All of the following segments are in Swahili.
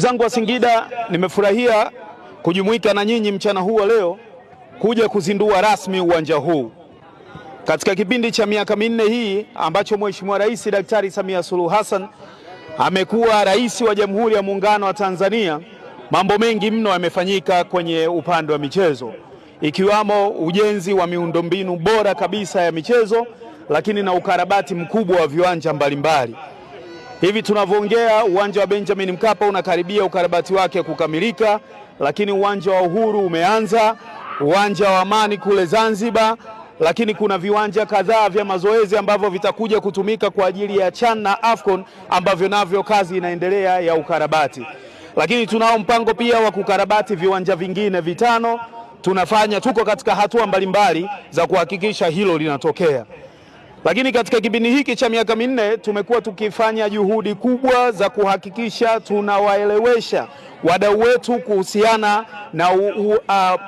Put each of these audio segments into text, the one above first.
zangu wa Singida, nimefurahia kujumuika na nyinyi mchana huu wa leo kuja kuzindua rasmi uwanja huu katika kipindi cha miaka minne hii ambacho Mheshimiwa Rais Daktari Samia Suluhu Hassan amekuwa rais wa Jamhuri ya Muungano wa Tanzania, mambo mengi mno yamefanyika kwenye upande wa michezo, ikiwamo ujenzi wa miundombinu bora kabisa ya michezo, lakini na ukarabati mkubwa wa viwanja mbalimbali mbali. Hivi tunavyoongea uwanja wa Benjamin Mkapa unakaribia ukarabati wake kukamilika, lakini uwanja wa Uhuru umeanza, uwanja wa Amani kule Zanzibar, lakini kuna viwanja kadhaa vya mazoezi ambavyo vitakuja kutumika kwa ajili ya CHAN na AFCON ambavyo navyo kazi inaendelea ya ukarabati. Lakini tunao mpango pia wa kukarabati viwanja vingine vitano. Tunafanya, tuko katika hatua mbalimbali za kuhakikisha hilo linatokea. Lakini katika kipindi hiki cha miaka minne tumekuwa tukifanya juhudi kubwa za kuhakikisha tunawaelewesha wadau wetu kuhusiana na u, u, uh,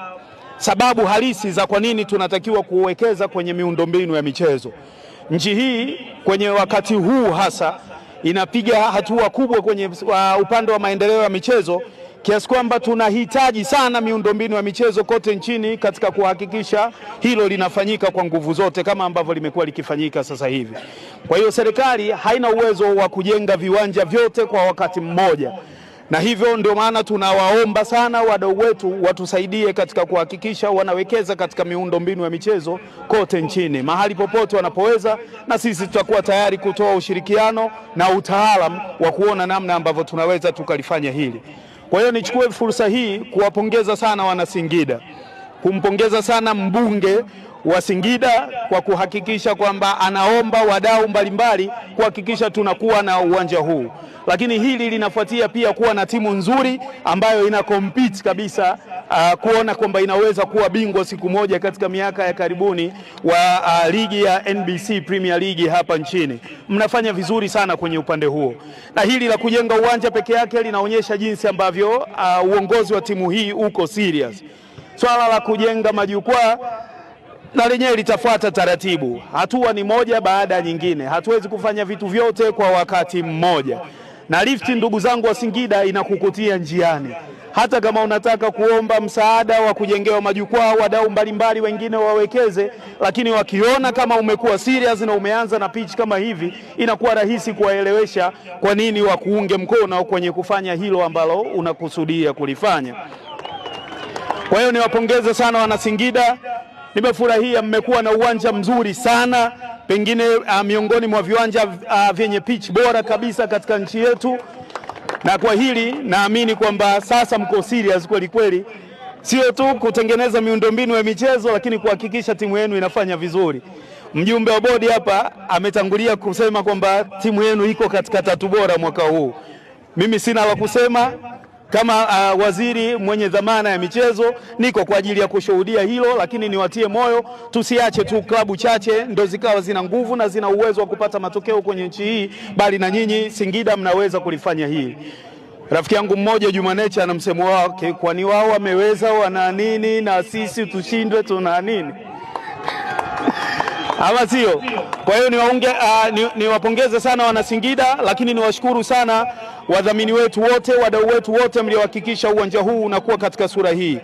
sababu halisi za kwa nini tunatakiwa kuwekeza kwenye miundombinu ya michezo. Nchi hii kwenye wakati huu hasa inapiga hatua kubwa kwenye upande wa maendeleo ya michezo kiasi kwamba tunahitaji sana miundombinu ya michezo kote nchini katika kuhakikisha hilo linafanyika kwa nguvu zote kama ambavyo limekuwa likifanyika sasa hivi. Kwa hiyo serikali haina uwezo wa kujenga viwanja vyote kwa wakati mmoja, na hivyo ndio maana tunawaomba sana wadau wetu watusaidie katika kuhakikisha wanawekeza katika miundombinu ya michezo kote nchini, mahali popote wanapoweza, na sisi tutakuwa tayari kutoa ushirikiano na utaalamu wa kuona namna ambavyo tunaweza tukalifanya hili. Kwa hiyo nichukue fursa hii kuwapongeza sana wana Singida, kumpongeza sana mbunge wa Singida kwa kuhakikisha kwamba anaomba wadau mbalimbali kuhakikisha tunakuwa na uwanja huu, lakini hili linafuatia pia kuwa na timu nzuri ambayo ina compete kabisa uh, kuona kwamba inaweza kuwa bingwa siku moja katika miaka ya karibuni wa uh, ligi ya NBC Premier League hapa nchini. Mnafanya vizuri sana kwenye upande huo, na hili la kujenga uwanja peke yake linaonyesha jinsi ambavyo uh, uongozi wa timu hii uko serious. Swala la kujenga majukwaa na lenyewe litafuata taratibu. Hatua ni moja baada ya nyingine, hatuwezi kufanya vitu vyote kwa wakati mmoja, na lifti, ndugu zangu wa Singida, inakukutia njiani. Hata kama unataka kuomba msaada wa kujengewa majukwaa, wadau mbalimbali wengine wawekeze, lakini wakiona kama umekuwa serious na umeanza na pitch kama hivi, inakuwa rahisi kuwaelewesha kwa nini wakuunge mkono kwenye kufanya hilo ambalo unakusudia kulifanya. Kwa hiyo niwapongeze sana wana Singida. Nimefurahia mmekuwa na uwanja mzuri sana, pengine uh, miongoni mwa viwanja uh, vyenye pitch bora kabisa katika nchi yetu, na kwa hili naamini kwamba sasa mko serious kweli kweli, sio tu kutengeneza miundombinu ya michezo, lakini kuhakikisha timu yenu inafanya vizuri. Mjumbe wa bodi hapa ametangulia kusema kwamba timu yenu iko katika tatu bora mwaka huu. Mimi sina la kusema. Kama uh, waziri mwenye dhamana ya michezo niko kwa ajili ya kushuhudia hilo, lakini niwatie moyo, tusiache tu klabu chache ndo zikawa zina nguvu na zina uwezo wa kupata matokeo kwenye nchi hii, bali na nyinyi Singida mnaweza kulifanya hili. Rafiki yangu mmoja Juma Nature ana msemo wake, kwani wao wameweza wana nini na sisi tushindwe tuna nini? ama sio? Kwa hiyo ah, niwapongeze uh, niwapongeze ni sana wana Singida, lakini niwashukuru sana wadhamini wetu wote, wadau wetu wote mliohakikisha uwanja huu unakuwa katika sura hii.